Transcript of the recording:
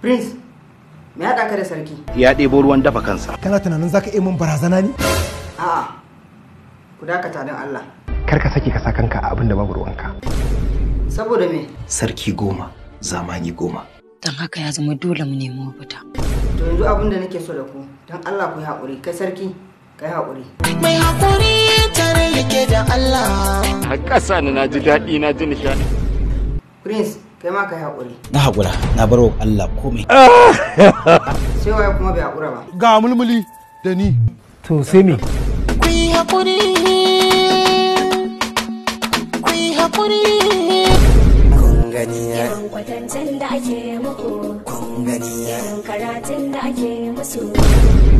Prince, me haɗa ka da sarki? Ya ɗebo ruwan dafa kansa. Kana tunanin za ka iya mun barazana ne? A'a, ku dakata don Allah. Kar ka sake ka sa kanka a abin da babu ruwanka. Saboda me? Sarki goma, zamani goma. Don haka ya zama dole mu nemi mafita. To yanzu abin da nake so da ku, don Allah ku yi haƙuri, kai sarki, kai haƙuri. Mai haƙuri tare yake da Allah. Har ƙasa na ji daɗi na ji nishaɗi. Prince, kai ma ka yi haƙuri na haƙura na bar wa Allah komai sai waye kuma bai haƙura ba ga mulmuli da ni to sai me ku yi haƙuri ku yi haƙuri kun gani ya kwatancin da ake muku kun gani ya karatun da ake musu